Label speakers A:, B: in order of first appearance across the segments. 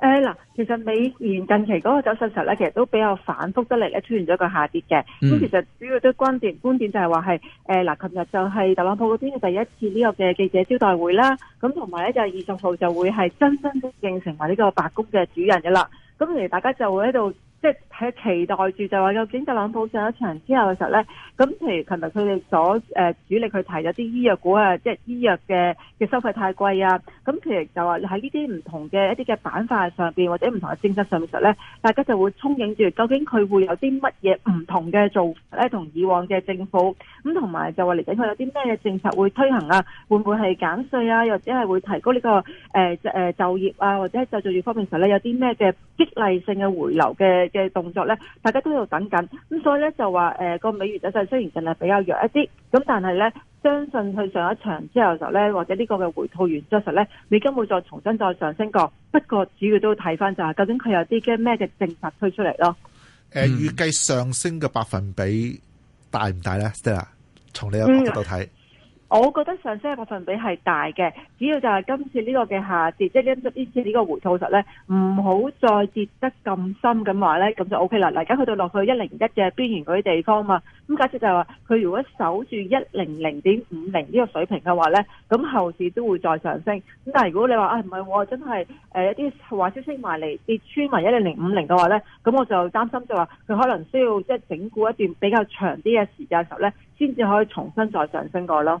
A: 誒、嗯、嗱，其實美元近期嗰個走勢嘅時候咧，其實都比較反復得嚟咧，出現咗一個下跌嘅。咁其實主要都觀點，觀點就係話係，誒、呃、嗱，琴日就係特朗普嗰邊嘅第一次呢個嘅記者招待會啦。咁同埋咧就係二十號就會係真真正正成為呢個白宮嘅主人嘅啦。咁而大家就會喺度。即係期待住就話，究竟特朗普上一場之後嘅時候咧，咁譬如琴日佢哋所誒主力去提咗啲醫藥股啊，即係醫藥嘅嘅收費太貴啊，咁其實就話喺呢啲唔同嘅一啲嘅板塊上邊，或者唔同嘅政策上面嘅時候咧，大家就會憧憬住究竟佢會有啲乜嘢唔同嘅做法咧，同以往嘅政府咁同埋就話嚟緊佢有啲咩政策會推行啊？會唔會係減稅啊？又或者係會提高呢個誒誒就業啊？或者就業方面時候咧有啲咩嘅激勵性嘅回流嘅？嘅動作咧，大家都喺度等緊，咁所以咧就話誒個美元走勢雖然淨係比較弱一啲，咁但係咧相信佢上一場之後就咧，或者呢個嘅回吐完之後咧，美金會再重新再上升過，不過主要都睇翻就係究竟佢有啲咩嘅政策推出嚟咯。
B: 誒、嗯、預計上升嘅百分比大唔大咧？Stella，從你嘅角度睇。嗯
A: 我覺得上升嘅百分比係大嘅，主要就係今次呢個嘅下跌，即係呢次呢個回吐實咧，唔好再跌得咁深咁話咧，咁就 O K 啦。嗱，而家去到落去一零一嘅邊緣嗰啲地方嘛，咁假設就係話佢如果守住一零零點五零呢個水平嘅話咧，咁後市都會再上升。咁但係如果你話啊唔係，真係誒一啲壞消息埋嚟跌穿埋一零零五零嘅話咧，咁我就擔心就話佢可能需要即係整固一段比較長啲嘅時間嘅時候咧，先至可以重新再上升過咯。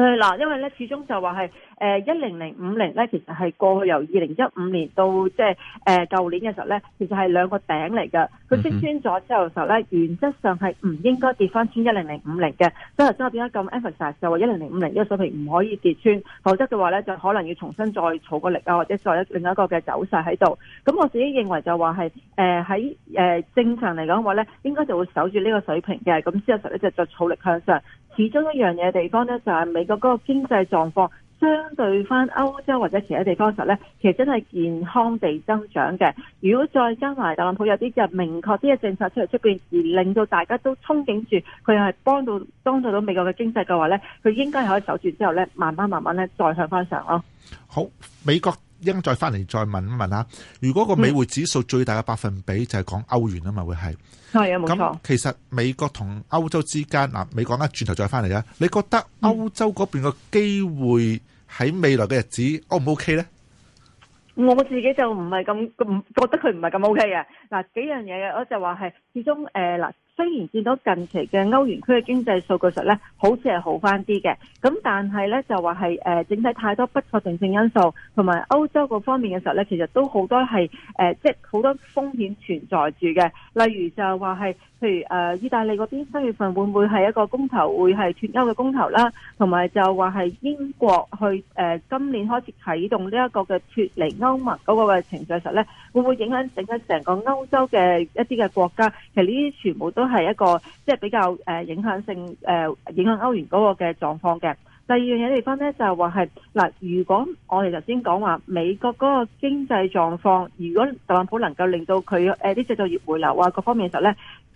A: 係嗱，因為咧，始終就話係，誒一零零五零咧，其實係過去由二零一五年到即係誒舊年嘅時候咧，其實係兩個頂嚟嘅。佢、嗯、跌穿咗之後嘅時候咧，原則上係唔應該跌翻穿一零零五零嘅。所以頭先我點解咁 emphasize 就話一零零五零呢個水平唔可以跌穿，否則嘅話咧就可能要重新再儲個力啊，或者再另一個嘅走勢喺度。咁我自己認為就話係，誒喺誒正常嚟講嘅話咧，應該就會守住呢個水平嘅。咁之後實質就再儲力向上。始終一樣嘢地方咧，就係美國嗰個經濟狀況相對翻歐洲或者其他地方時候咧，其實真係健康地增長嘅。如果再加埋特朗普有啲嘅明確啲嘅政策出嚟出邊，而令到大家都憧憬住佢係幫到幫助到美國嘅經濟嘅話咧，佢應該係可以守住之後咧，慢慢慢慢咧再向翻上咯。
B: 好，美國。應再翻嚟再問一問啊！如果個美匯指數最大嘅百分比就係講歐元啊嘛，嗯就是、會係係啊，冇錯。其實美國同歐洲之間嗱，美國啦，轉頭再翻嚟啊！你覺得歐洲嗰邊個機會喺未來嘅日子 O 唔 O K 咧？我自己就
A: 唔係咁咁覺得佢唔係咁 O K 嘅嗱，幾樣嘢嘅，我就話係始終誒嗱。呃雖然見到近期嘅歐元區嘅經濟數據實呢，好似係好返啲嘅，咁但係呢就話係誒整體太多不確定性因素，同埋歐洲嗰方面嘅時候呢，其實都好多係誒，即係好多風險存在住嘅，例如就話係。譬如誒，意大利嗰邊三月份會唔會係一個公投，會係脫歐嘅公投啦？同埋就話，係英國去誒今年開始啟動呢一個嘅脫離歐盟嗰個嘅程序時咧，會唔會影響整個成個歐洲嘅一啲嘅國家？其實呢啲全部都係一個即係比較影響性影響歐元嗰個嘅狀況嘅。第二樣嘢地方咧就係話係嗱，如果我哋頭先講話美國嗰個經濟狀況，如果特朗普能夠令到佢誒啲製造業回流啊各方面時候咧。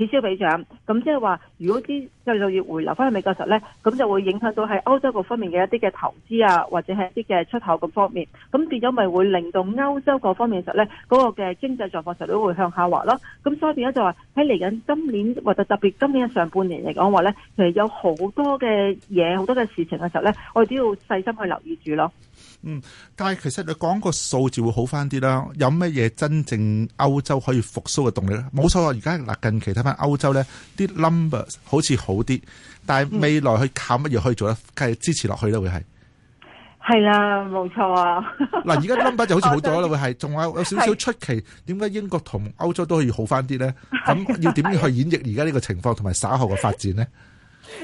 A: 此消彼長，咁即係話，如果啲製造業回流翻去美國時咧，咁就會影響到喺歐洲各方面嘅一啲嘅投資啊，或者係一啲嘅出口咁方面，咁變咗咪會令到歐洲各方面嘅時候咧，嗰個嘅經濟狀況實都會向下滑咯。咁所以變咗就話喺嚟緊今年或者特別今年嘅上半年嚟講話咧，其實有好多嘅嘢，好多嘅事情嘅時候咧，我哋都要細心去留意住咯。嗯，
B: 但係其實你講個數字會好翻啲啦。有乜嘢真正歐洲可以復甦嘅動力咧？冇錯啊！而家嗱近期睇翻。歐洲咧啲 number 好似好啲，但係未來去靠乜嘢可以做得，繼續支持落去咧？會係
A: 係啦，冇錯啊。嗱、啊，
B: 而家 number 就好似好咗啦，會係仲有有少少出奇，點解英國同歐洲都可以好翻啲咧？咁、嗯、要點樣去演繹而家呢個情況同埋稍後嘅發展咧？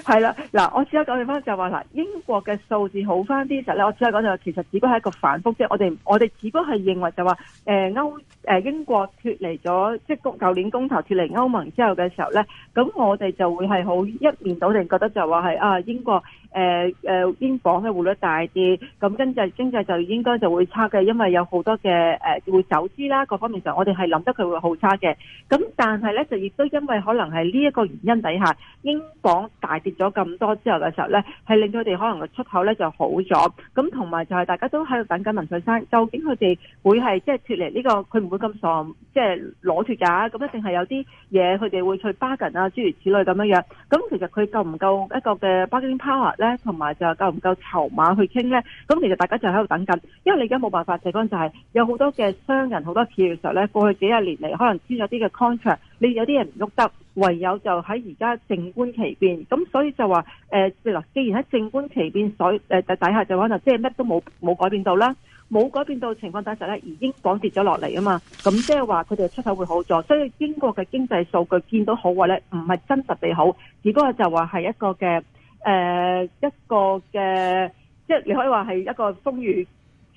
A: 係 啦，嗱，我只係講你翻就話嗱，英國嘅數字好翻啲，就實咧，我只係講就其實只不過係一個反覆，即係我哋我哋只不過係認為就話誒歐誒英國脫離咗，即係舊年公投脫離歐盟之後嘅時候咧，咁我哋就會係好一面倒地覺得就話係啊英國。誒、呃、誒，英鎊嘅匯率大跌，咁經濟經濟就應該就會差嘅，因為有好多嘅誒、呃、會走資啦，各方面上，我哋係諗得佢會好差嘅。咁但係咧，就亦都因為可能係呢一個原因底下，英鎊大跌咗咁多之後嘅時候咧，係令佢哋可能個出口咧就好咗。咁同埋就係大家都喺度等緊文翠珊，究竟佢哋會係即係脫離呢、這個，佢唔會咁傻，即係攞脫㗎？咁一定係有啲嘢佢哋會去 bargain 啊，諸如此類咁樣樣。咁其實佢夠唔夠一個嘅 bargaining power 咧？同埋就夠唔夠籌碼去傾呢？咁其實大家就喺度等緊，因為你而家冇辦法地方就係有好多嘅商人，好多企業嘅時候呢，過去幾廿年嚟可能簽咗啲嘅 contract，你有啲人唔喐得，唯有就喺而家靜觀其變。咁所以就話譬如啦，既然喺靜觀其變所底、呃、下就可能即係乜都冇冇改變到啦，冇改變到情況底下呢，已經英鎊跌咗落嚟啊嘛，咁即係話佢哋出口會好咗，所以英國嘅經濟數據見到好話呢，唔係真實地好，只不過就話係一個嘅。誒、呃，一個嘅，即係你可以話係一個風雨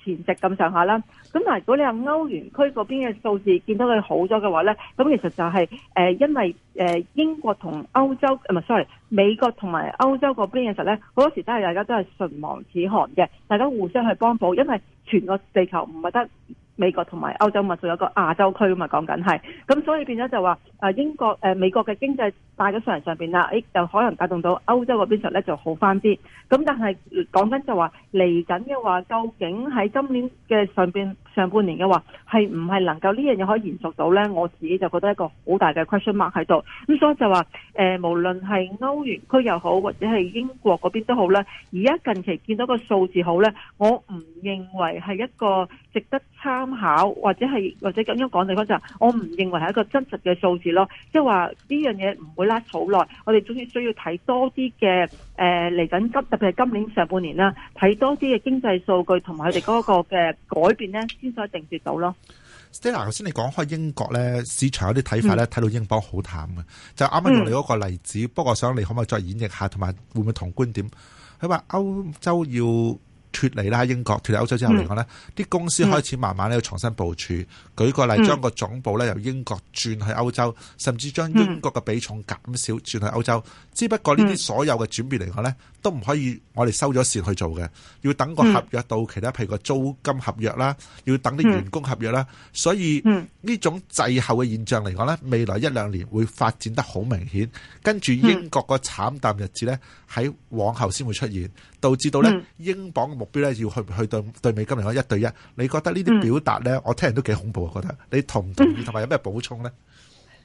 A: 前夕咁上下啦。咁但係如果你話歐元區嗰邊嘅數字見到佢好咗嘅話咧，咁其實就係、是、誒、呃，因為誒、呃、英國同歐洲，唔、呃、係 sorry，美國同埋歐洲嗰邊嘅時候咧，好多時都係大家都係唇亡齒寒嘅，大家互相去幫補，因為全個地球唔係得。美國同埋歐洲，咪仲有一個亞洲區啊嘛，講緊係，咁所以變咗就話，英國、美國嘅經濟帶咗上嚟上面上邊啦，又可能帶動到歐洲嗰邊實咧就好翻啲。咁但係講緊就話嚟緊嘅話，究竟喺今年嘅上邊上半年嘅話，係唔係能夠呢樣嘢可以延續到咧？我自己就覺得一個好大嘅 question mark 喺度。咁所以就話，誒、呃、無論係歐元區又好，或者係英國嗰邊都好啦。而家近期見到個數字好咧，我唔認為係一個值得參考，或者係或者咁樣講，你講就我唔認為係一個真實嘅數字咯。即係話呢樣嘢唔會 last 好耐，我哋總之需要睇多啲嘅誒嚟緊急，特別係今年上半年啦，睇多啲嘅經濟數據同埋佢哋嗰個嘅改變咧，先可以定奪到咯。
B: Stella，頭先你講開英國咧市場有啲睇法咧，睇、嗯、到英鎊好淡嘅，就啱啱用你嗰個例子、嗯，不過想你可唔可以再演繹一下，同埋會唔會同觀點？佢話歐洲要。脫離啦，英國脫離歐洲之後嚟講呢，啲公司開始慢慢咧重新部署。嗯、舉個例，將個總部咧由英國轉去歐洲，嗯，甚至將英國嘅比重減少轉，嗯、去歐洲。只不過呢啲所有嘅轉變嚟講呢，都唔可以我哋收咗線去做嘅，要等個合約到期啦、嗯，譬如個租金合約啦，要等啲員工合約啦、嗯。所以呢種滯後嘅現象嚟講呢，未來一兩年會發展得好明顯，跟住英國個慘淡日子呢，喺往後先會出現。導致到咧，英鎊嘅目標咧，要去去對對美金嚟講一對一。你覺得呢啲表達咧、嗯，我聽人都幾恐怖啊！覺得你同唔同意，同埋有咩補充咧？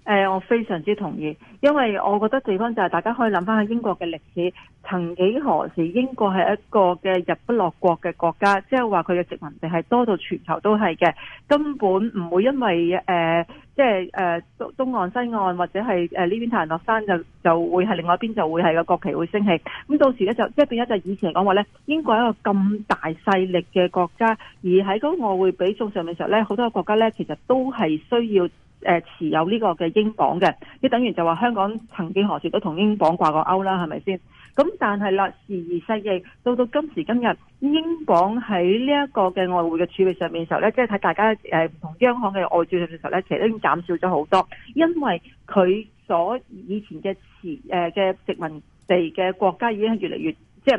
A: 誒，我非常之同意，因為我覺得地方就係大家可以諗翻下英國嘅歷史，曾幾何時英國係一個嘅日不落國嘅國家，即係話佢嘅殖民地係多到全球都係嘅，根本唔會因為誒，即係誒東岸、西岸或者係誒呢邊太陽落山就就會係另外一邊就會係個國旗會升起。咁到時咧就即係變咗就以前嚟講話咧，英國係一個咁大勢力嘅國家，而喺個外匯比重上面時候咧，好多國家咧其實都係需要。誒持有呢個嘅英鎊嘅，即等於就話香港曾幾何時都同英鎊掛過鈎啦，係咪先？咁但係啦，時移世易，到到今時今日，英鎊喺呢一個嘅外匯嘅儲備上面嘅時候咧，即係睇大家唔同央行嘅外匯上面嘅時候咧，其實都已經減少咗好多，因為佢所以前嘅持誒嘅殖民地嘅國家已經係越嚟越。即係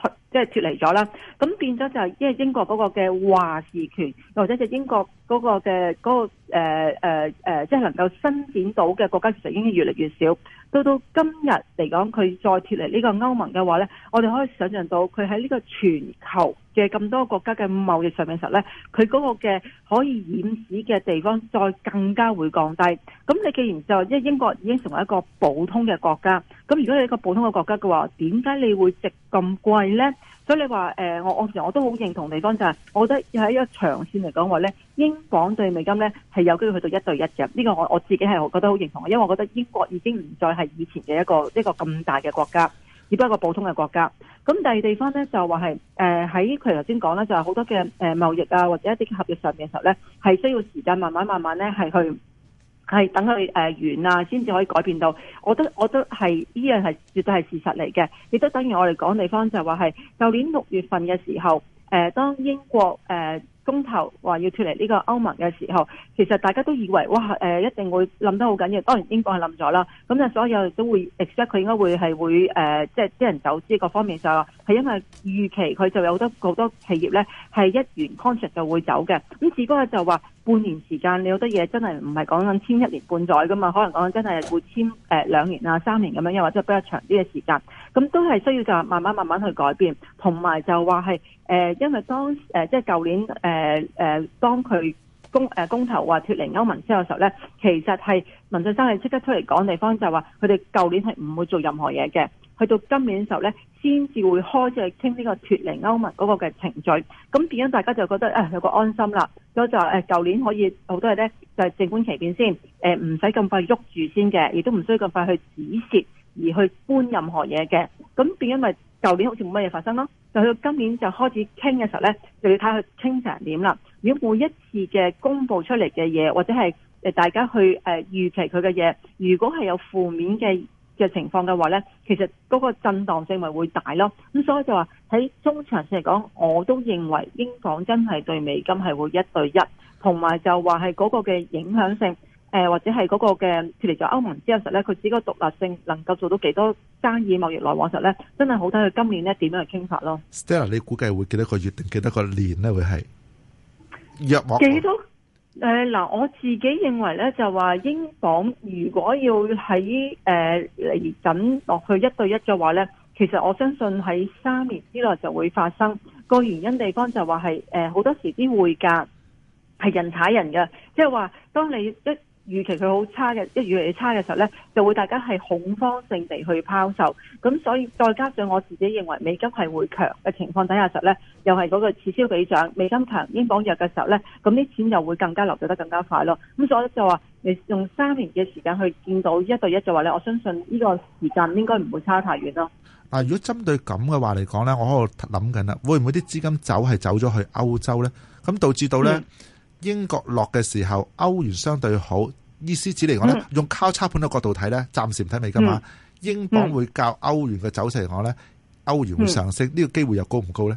A: 脫，即係脫離咗啦。咁變咗就係，因為英國嗰個嘅話事權，或者係英國嗰個嘅嗰、個誒誒誒，即、呃、係、呃就是、能夠伸展到嘅國家，其實已經越嚟越少。到到今日嚟講，佢再脫離呢個歐盟嘅話咧，我哋可以想象到，佢喺呢個全球嘅咁多國家嘅貿易上面嘅時候咧，佢嗰個嘅可以掩指嘅地方，再更加會降低。咁你既然就因為英國已經成為一個普通嘅國家。咁如果你一個普通嘅國家嘅話，點解你會值咁貴呢？所以你話誒、呃，我我其實我都好認同地方就係，我覺得喺一個長線嚟講話呢英鎊兌美金呢係有機會去到一對一嘅。呢、這個我我自己係覺得好認同，因為我覺得英國已經唔再係以前嘅一個一個咁大嘅國家，而不過一個普通嘅國家。咁第二地方呢，就話係誒喺佢頭先講呢，就係、是、好多嘅誒貿易啊或者一啲合約上面嘅時候呢，係需要時間慢慢慢慢呢係去。係等佢誒完啊，先至可以改變到。我都我都係呢樣係絕對係事實嚟嘅。亦都等於我哋講地方就係話係舊年六月份嘅時候，誒當英國誒。中頭話要脱離呢個歐盟嘅時候，其實大家都以為哇誒、呃、一定會諗得好緊要，當然英國係諗咗啦。咁就所有都會 expect 佢應該會係會誒，即係啲人走資各方面就係因為預期佢就有好多好多企業咧係一完 contract 就會走嘅。咁只不過就話半年時間，你好多嘢真係唔係講緊簽一年半載㗎嘛，可能講緊真係會簽誒兩年啊三年咁樣，又或者比較長啲嘅時間。咁都係需要就慢慢慢慢去改變，同埋就話係誒，因為當誒即係舊年誒誒、呃呃，當佢公誒、呃、公投話脫離歐盟之後嘅時候咧，其實係文俊生係即刻出嚟講，地方就話佢哋舊年係唔會做任何嘢嘅，去到今年嘅時候咧，先至會開始去傾呢個脫離歐盟嗰個嘅程序。咁變咗大家就覺得誒有個安心啦，咁就誒舊年可以好多嘢咧就係、是、靜觀其變先，誒唔使咁快喐住先嘅，亦都唔需要咁快去止蝕。而去搬任何嘢嘅，咁變因為舊年好似冇乜嘢發生咯，就去到今年就開始傾嘅時候咧，就要睇佢傾成點啦。如果每一次嘅公布出嚟嘅嘢，或者係誒大家去誒預期佢嘅嘢，如果係有負面嘅嘅情況嘅話咧，其實嗰個震蕩性咪會大咯。咁所以就話喺中長線嚟講，我都認為英鎊真係對美金係會一對一，同埋就話，係嗰個嘅影響性。誒，或者係嗰個嘅脱離咗歐盟之後實咧，佢自己個獨立性能夠做到幾多生意貿易來往實咧，真係好睇佢今年咧點樣去傾法咯。
B: Stella 即係嗱，你估計會幾多個月定幾多個年咧會係約莫？幾多
A: 誒嗱、呃？我自己認為咧就話英鎊如果要喺誒嚟緊落去一對一嘅話咧，其實我相信喺三年之內就會發生。個原因地方就話係誒好多時啲匯價係人踩人嘅，即係話當你一預期佢好差嘅，一預期差嘅時候呢，就會大家係恐慌性地去拋售。咁所以再加上我自己認為美金係會強嘅情況底下，實呢，又係嗰個此消彼長，美金強，英鎊弱嘅時候呢，咁啲錢又會更加流走得更加快咯。咁所以我就話，你用三年嘅時間去見到一對一，就話呢，我相信呢個時間應該唔會差太遠咯。
B: 嗱，如果針對咁嘅話嚟講呢，我喺度諗緊啦，會唔會啲資金走係走咗去歐洲呢？咁導致到呢，嗯英國落嘅時候，歐元相對好。意思指嚟講咧，用交叉盤嘅角度睇咧，暫時唔睇美金嘛。嗯、
A: 英鎊會
B: 較歐元嘅走勢嚟講咧，歐、嗯、元會上升。呢、嗯呢個機會又高唔高咧？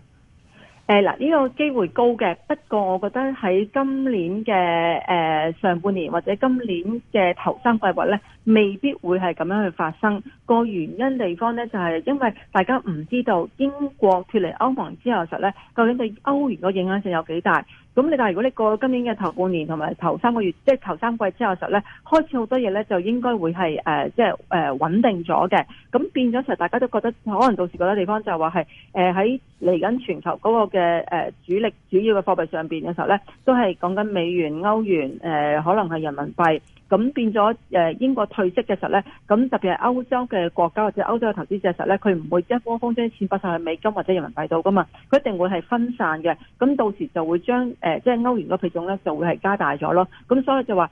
A: 誒、啊，嗱，呢個機會高嘅，不過我覺得喺今年嘅誒、呃、上半年或者今年嘅頭三季月咧。未必會係咁樣去發生個原因地方咧，就係因為大家唔知道英國脫離歐盟之後實咧，究竟對歐元個影響性有幾大？咁你但係如果你過咗今年嘅頭半年同埋頭三個月，即係頭三季之後實咧，開始好多嘢咧就應該會係誒，即係誒穩定咗嘅。咁變咗，其實大家都覺得可能到時覺得地方就係話係誒喺嚟緊全球嗰個嘅誒主力主要嘅貨幣上邊嘅時候咧，都係講緊美元、歐元誒，可能係人民幣。咁變咗英國退職嘅時候咧，咁特別係歐洲嘅國家或者歐洲嘅投資者嘅時候咧，佢唔會一窩蜂將啲錢擺曬去美金或者人民幣度噶嘛，佢一定會係分散嘅。咁到時就會將即係、呃就是、歐元嘅比重咧就會係加大咗咯。咁所以就話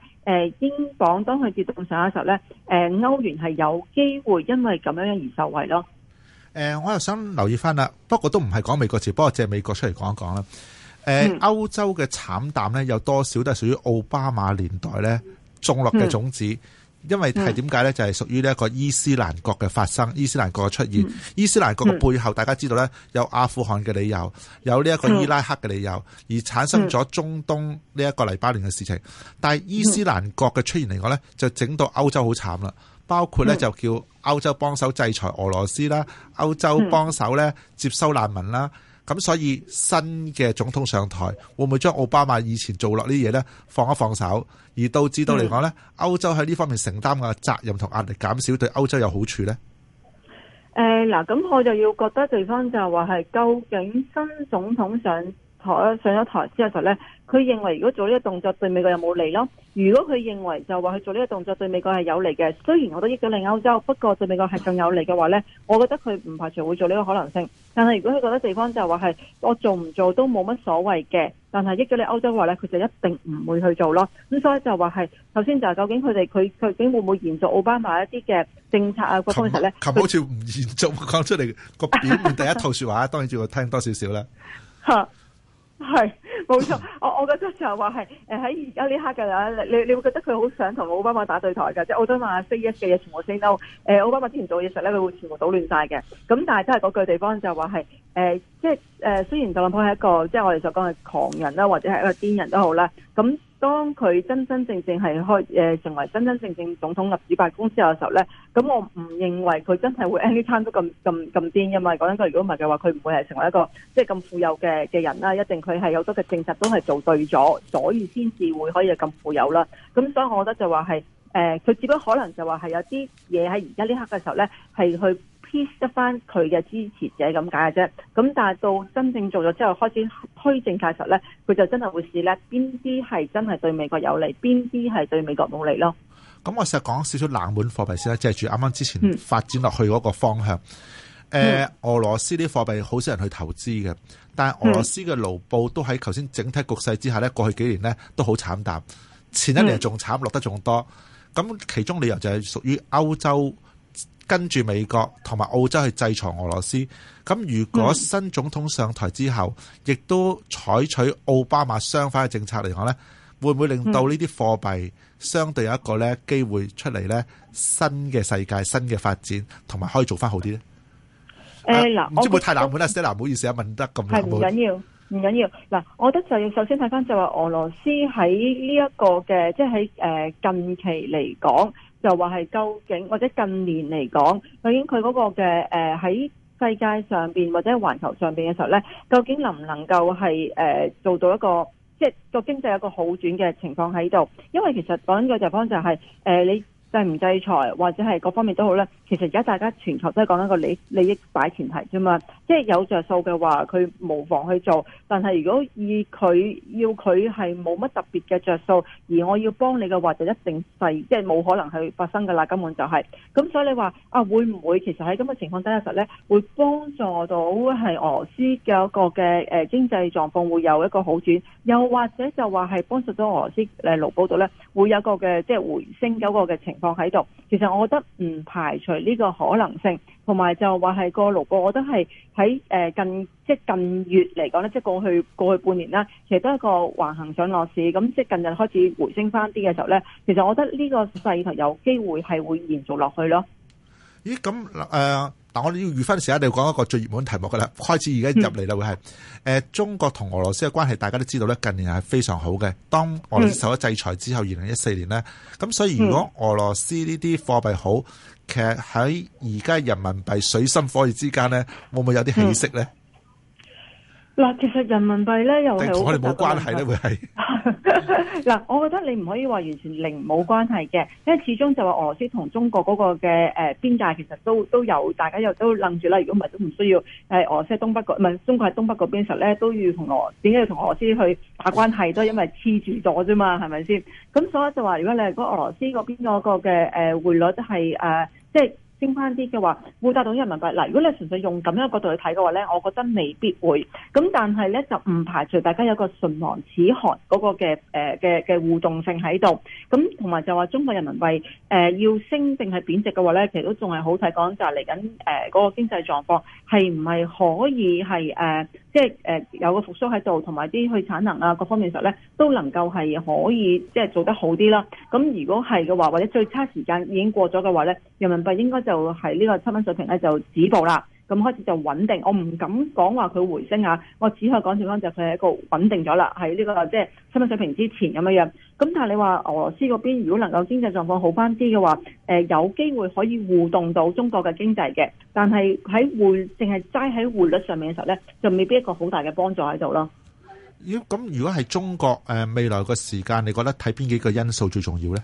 A: 英鎊當佢跌到咁上下嘅時候咧，誒歐元係有機會因為咁樣而受惠咯。
B: 誒、呃，我又想留意翻啦，不過都唔係講美國詞，不過借美國出嚟講一講啦、呃嗯。歐洲嘅慘淡咧，有多少都係屬於奧巴馬年代咧，種落嘅種子，嗯、因為係點解呢？就係屬於呢一個伊斯蘭國嘅發生，嗯、伊斯蘭國嘅出現，嗯、伊斯蘭國嘅背後、嗯，大家知道呢，有阿富汗嘅理由，有呢一個伊拉克嘅理由、嗯，而產生咗中東呢一個黎巴嫩嘅事情。但係伊斯蘭國嘅出現嚟講呢，就整到歐洲好慘啦，包括呢，就叫歐洲幫手制裁俄羅斯啦，歐洲幫手呢接收難民啦。嗯嗯咁所以新嘅總統上台會唔會將奧巴馬以前做落啲嘢呢，放一放手，而導致到嚟講呢，歐洲喺呢方面承擔嘅責任同壓力減少，對歐洲有好處呢？誒、
A: 嗯、嗱，咁我就要覺得地方就係話係究竟新總統上台上咗台之後咧，佢認為如果做呢個動作對美國有冇利咯？如果佢認為就話佢做呢個動作對美國係有利嘅，雖然我都益咗你歐洲，不過對美國係仲有利嘅話咧，我覺得佢唔排除會做呢個可能性。但係如果佢覺得地方就話係我做唔做都冇乜所謂嘅，但係益咗你歐洲嘅話咧，佢就一定唔會去做咯。咁所以就話係，首先就係究竟佢哋佢究竟會唔會延續奧巴馬一啲嘅政策啊各方面咧？
B: 琴好似唔延續，講出嚟個表面第一套説話， 當然要聽多少少啦。
A: 嚇！ 係，冇錯，我我覺得就係話係，喺而家呢刻嘅咧，你你會覺得佢好想同奧巴馬打對台㗎。即係奧巴馬 say 嘅嘢全部 say no，誒，奧巴馬之前做嘢時候咧，佢會全部搗亂曬嘅，咁但係都係嗰句地方就係話係，即係誒，雖然特朗普係一個，即係我哋所講嘅狂人啦，或者係一個癲人都好啦，咁。當佢真真正正係開誒成為真真正正總統立主辦公司嘅時候呢，咁我唔認為佢真係會 anytime 都咁咁咁癲噶嘛。因為講緊，佢如果唔係嘅話，佢唔會係成為一個即係咁富有嘅嘅人啦。一定佢係有多嘅政策都係做對咗，所以先至會可以咁富有啦。咁所以我覺得就話係誒，佢，呃、只不過可能就話係有啲嘢喺而家呢刻嘅時候呢，係去 keep 得翻佢嘅支持者咁解嘅啫，咁但係到真正做咗之後開始推政策實咧，佢就真係會試咧，邊啲係真係對美國有利，邊啲係對美國冇利咯。
B: 咁我成日講少少冷門貨幣先啦，借住啱啱之前發展落去嗰個方向。誒、嗯呃，俄羅斯啲貨幣好少人去投資嘅，但係俄羅斯嘅盧布都喺頭先整體局勢之下咧，過去幾年呢，都好慘淡，前一年仲慘，落得仲多。咁其中理由就係屬於歐洲。跟住美國同埋澳洲去制裁俄羅斯，咁如果新總統上台之後，亦都採取奧巴馬相反嘅政策嚟講咧，會唔會令到呢啲貨幣相對有一個咧機會出嚟咧新嘅世界、新嘅發展，同埋可以做翻好啲咧？
A: 誒、欸，嗱、呃，唔、啊、會，會太冷門
B: 咧？Stella，唔好意思啊，問得咁冷門。唔緊要，唔緊
A: 要。嗱，我覺得就要首先睇翻就話俄羅斯喺呢一個嘅，即係誒近期嚟講。就話係究竟或者近年嚟講，究竟佢嗰個嘅誒喺世界上面或者環球上面嘅時候咧，究竟能唔能夠係誒做到一個即係個經濟有一個好轉嘅情況喺度？因為其實講緊個地方就係、是、誒、呃、你。制唔制裁或者係各方面都好咧，其實而家大家全球都係講緊個利利益擺前提啫嘛。即係有着數嘅話，佢無妨去做。但係如果以佢要佢係冇乜特別嘅着數，而我要幫你嘅話，就一定係，即係冇可能去發生噶啦。根本就係，咁，所以你話啊，會唔會其實喺咁嘅情況底下實咧，會幫助到係俄羅斯嘅一個嘅誒經濟狀況會有一個好轉，又或者就話係幫助到俄羅斯誒盧布度咧，會有一個嘅即係回升嗰個嘅情。放喺度，其實我覺得唔排除呢個可能性，同埋就話係個盧股，我覺得係喺誒近即係近月嚟講咧，即係過去過去半年啦，其實都係一個橫行上落市，咁即係近日開始回升翻啲嘅時候咧，其實我覺得呢個勢頭有機會係會延續落去咯。
B: 咦？咁誒。呃嗱，我哋要預翻嘅時候，一定要講一個最熱門題目噶啦。開始而家入嚟啦，會係誒，中國同俄羅斯嘅關係，大家都知道咧，近年係非常好嘅。當俄羅斯受咗制裁之後，二零一四年呢，咁所以如果俄羅斯呢啲貨幣好，其實喺而家人民幣水深火熱之間呢，會唔會有啲起色呢？嗯
A: 嗱，其實人民幣咧又係我哋冇關係
B: 咧，
A: 會係嗱，我覺得你唔可以話完全零冇關係嘅，因為始終就話俄羅斯同中國嗰個嘅誒邊界其實都都有，大家又都楞住啦。如果唔係都唔需要誒俄羅斯東北嗰唔係中國喺東北嗰邊時候咧，都要同俄點解要同俄羅斯去打關係？都係因為黐住咗啫嘛，係咪先？咁所以就話如果你係嗰俄羅斯嗰邊嗰個嘅誒匯率係誒、啊、即係。升翻啲嘅話，會達到人民幣嗱。如果你純粹用咁樣角度去睇嘅話咧，我覺得未必會。咁但係咧就唔排除大家有一個唇亡齒寒嗰個嘅誒嘅嘅互動性喺度。咁同埋就話中國人民幣誒、呃、要升定係貶值嘅話咧，其實都仲係好睇講就係嚟緊誒嗰個經濟狀況係唔係可以係誒。呃即係誒有個復甦喺度，同埋啲去產能啊，各方面嘅時候咧，都能夠係可以即係、就是、做得好啲啦。咁如果係嘅話，或者最差時間已經過咗嘅話咧，人民幣應該就係呢個七蚊水平咧就止步啦。咁開始就穩定，我唔敢講話佢回升啊，我只可以講點樣就佢係一個穩定咗啦，喺呢個即係生活水平之前咁樣樣。咁但係你話俄羅斯嗰邊如果能夠經濟狀況好翻啲嘅話，誒有機會可以互動到中國嘅經濟嘅，但係喺匯淨係齋喺匯率上面嘅時候咧，就未必一個好大嘅幫助喺度咯。
B: 咦？咁如果係中國誒未來個時間，你覺得睇邊幾個因素最重要咧？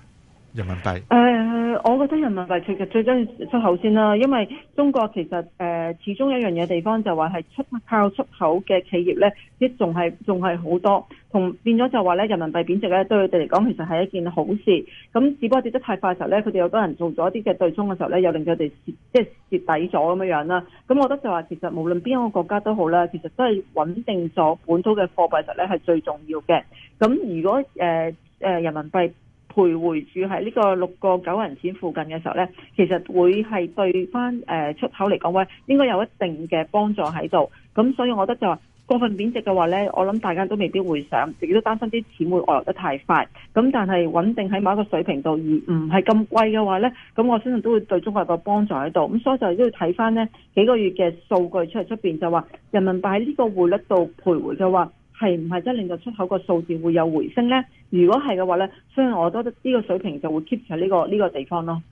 B: 人民幣，
A: 誒、呃，我覺得人民幣其實最緊要出口先啦，因為中國其實誒、呃、始終有一樣嘢地方就話係出靠出口嘅企業咧，即仲係仲係好多，同變咗就話咧人民幣貶值咧對佢哋嚟講其實係一件好事，咁只不過跌得太快嘅時候咧，佢哋有多人做咗一啲嘅對沖嘅時候咧，又令佢哋蝕即係蝕底咗咁樣樣啦。咁我覺得就話其實無論邊一個國家都好啦，其實都係穩定咗本土嘅貨幣值咧係最重要嘅。咁如果誒誒、呃呃、人民幣，徘徊住喺呢個六個九銀錢附近嘅時候呢，其實會係對翻誒出口嚟講話應該有一定嘅幫助喺度。咁所以我覺得就話過分貶值嘅話呢，我諗大家都未必會想，亦都擔心啲錢會外流得太快。咁但係穩定喺某一個水平度，而唔係咁貴嘅話呢，咁我相信都會對中國有個幫助喺度。咁所以就都要睇翻呢幾個月嘅數據出嚟出邊，就話人民幣喺呢個匯率度徘徊嘅話。係唔係真令到出口個數字會有回升呢？如果係嘅話呢，所以我覺得呢個水平就會 keep 喺呢個呢、呢個地方咯。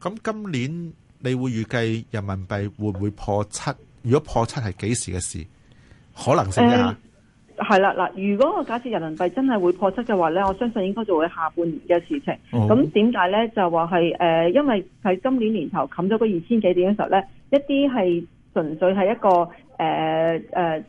A: 咁今
B: 年你會預計人民幣會唔會破七？如果破七係幾時嘅事？可能性一下。
A: 係、嗯、啦，嗱，如果我假設人民幣真係會破七嘅話呢，我相信應該就會下半年嘅事情。咁點解呢？就話係誒，因為喺今年年頭冚咗個二千幾點嘅時候呢，一啲係純粹係一個誒誒。呃呃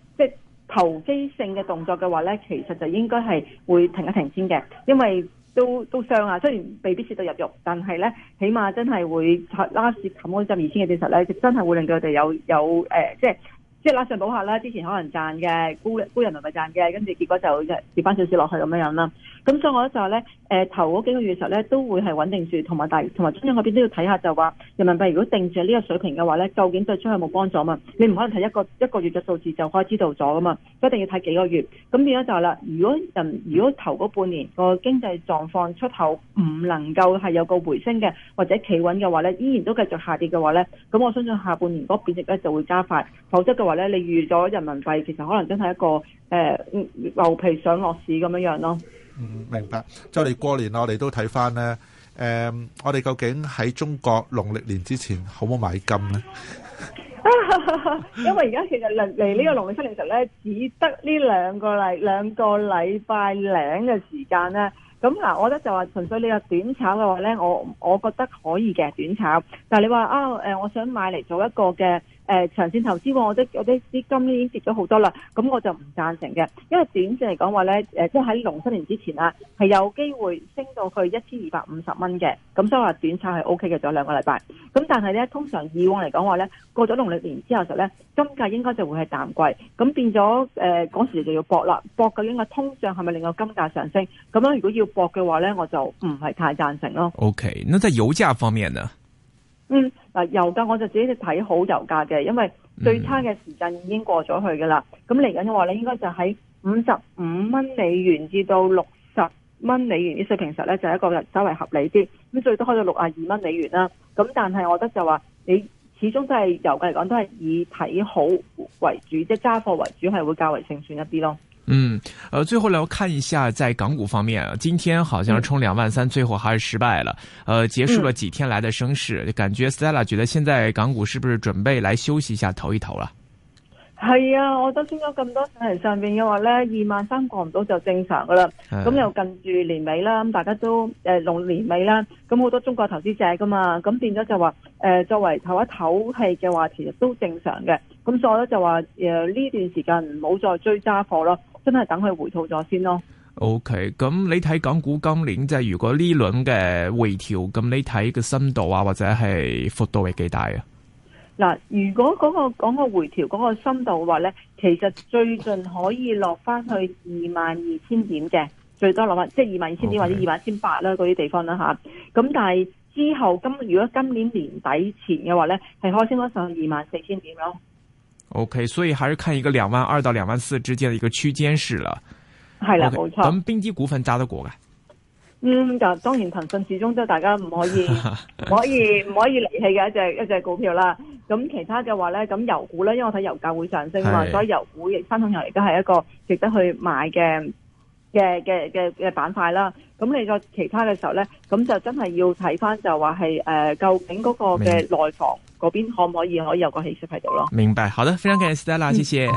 A: 投機性嘅動作嘅話咧，其實就應該係會停一停先嘅，因為都都傷啊。雖然未必蝕到入肉，但係咧，起碼真係會拉屎冚嗰陣二千嘅證實咧，真係會令到佢哋有有誒，即、呃、係。就是即係拉上補下啦，之前可能賺嘅估高人民幣賺嘅，跟住結果就跌翻少少落去咁樣樣啦。咁所以我咧就係咧，誒頭嗰幾個月嘅時候咧，都會係穩定住，同埋大同埋中央嗰邊都要睇下就，就話人民幣如果定住喺呢個水平嘅話咧，究竟對出去冇幫助嘛？你唔可能睇一個一個月嘅數字就可以知道咗噶嘛？一定要睇幾個月。咁變咗就係啦，如果人如果頭嗰半年、個經濟狀況出口唔能夠係有個回升嘅，或者企穩嘅話咧，依然都繼續下跌嘅話咧，咁我相信下半年嗰個貶值咧就會加快。否則嘅話，咧，你預咗人民幣，其實可能真係一個誒、呃、牛皮上落市咁樣樣咯。嗯，
B: 明白。就你過年，我哋都睇翻咧。誒、呃，我哋究竟喺中國農曆年之前，好唔好買金咧？
A: 因為而家其實嚟嚟呢個農曆新年咧，只得這兩禮兩呢兩個禮兩個禮拜零嘅時間咧。咁嗱，我覺得就話純粹你話短炒嘅話咧，我我覺得可以嘅短炒。但係你話啊，誒、哦呃，我想買嚟做一個嘅。誒、呃，長線投資，我啲我啲資金已經跌咗好多啦，咁我就唔贊成嘅。因為短線嚟講話咧，誒、呃，即係喺農新年之前啦，係有機會升到去一千二百五十蚊嘅，咁所以話短炒係 O K 嘅，仲有兩個禮拜。咁但係咧，通常以往嚟講話咧，過咗農曆年之後就咧，金價應該就會係淡季，咁變咗誒，嗰、呃、時就要搏啦，搏究竟個通脹係咪令到金價上升？咁樣如果要搏嘅話咧，我就唔係太讚成咯。O、okay.
C: K，那在油價方面呢？
A: 嗯，嗱，油價我就自己睇好油價嘅，因為最差嘅時間已經過咗去噶啦。咁嚟緊嘅話咧，應該就喺五十五蚊美元至到六十蚊美元呢水平時咧，就係、是、一個稍為合理啲。咁最多開到六十二蚊美元啦。咁但係我覺得就話，你始終都係油價嚟講，都係以睇好為主，即係加貨為主，係會較為勝算一啲咯。
C: 嗯，呃，最後來我看一下，在港股方面，今天好像衝兩萬三，嗯，最後還是失敗了，呃，結束了幾天來的升勢，嗯，感覺 Stella 覺得現在港股是不是準備來休息一下，投一投啦？
A: 係啊，我都升咗咁多，上面嘅話呢二萬三過唔到就正常噶啦，咁，哎，又近住年尾啦，咁大家都誒龍，呃，年尾啦，咁好多中國投資者噶嘛，咁變咗就話誒，呃，作為投一唞氣嘅話，其實都正常嘅，咁所以咧就話誒呢段時間唔好再追揸貨咯。真係等佢回吐咗先咯。
C: OK，咁你睇港股今年即係如果呢輪嘅回調，咁你睇個深度啊或者係幅度係幾大啊？
A: 嗱，如果嗰個嗰個回調嗰個深度嘅話咧，其實最近可以落翻去二萬二千點嘅，最多落翻即係二萬二千點，okay. 或者二萬一千八啦嗰啲地方啦吓。咁但係之後今如果今年年底前嘅話咧，係可以升翻上二萬四千點咯。
C: O、okay, K，所以還是看一個兩萬二到兩萬四之間的一個區間市啦。
A: 係啦，冇、okay,
C: 錯。咁，邊啲股份揸得過嘅？嗯，
A: 就當然騰訊始終都大家唔可以，唔 可以，唔可以離棄嘅一隻一隻股票啦。咁其他嘅話咧，咁油股咧，因為我睇油價會上升嘛，所以油股亦翻向油亦都係一個值得去買嘅嘅嘅嘅嘅板塊啦。咁你再其他嘅時候咧，咁就真係要睇翻就話係誒，究竟嗰個嘅內房。嗰邊可唔可以可以有個氣息喺度
C: 咯？明白，好的，非常感謝 Stella，謝謝。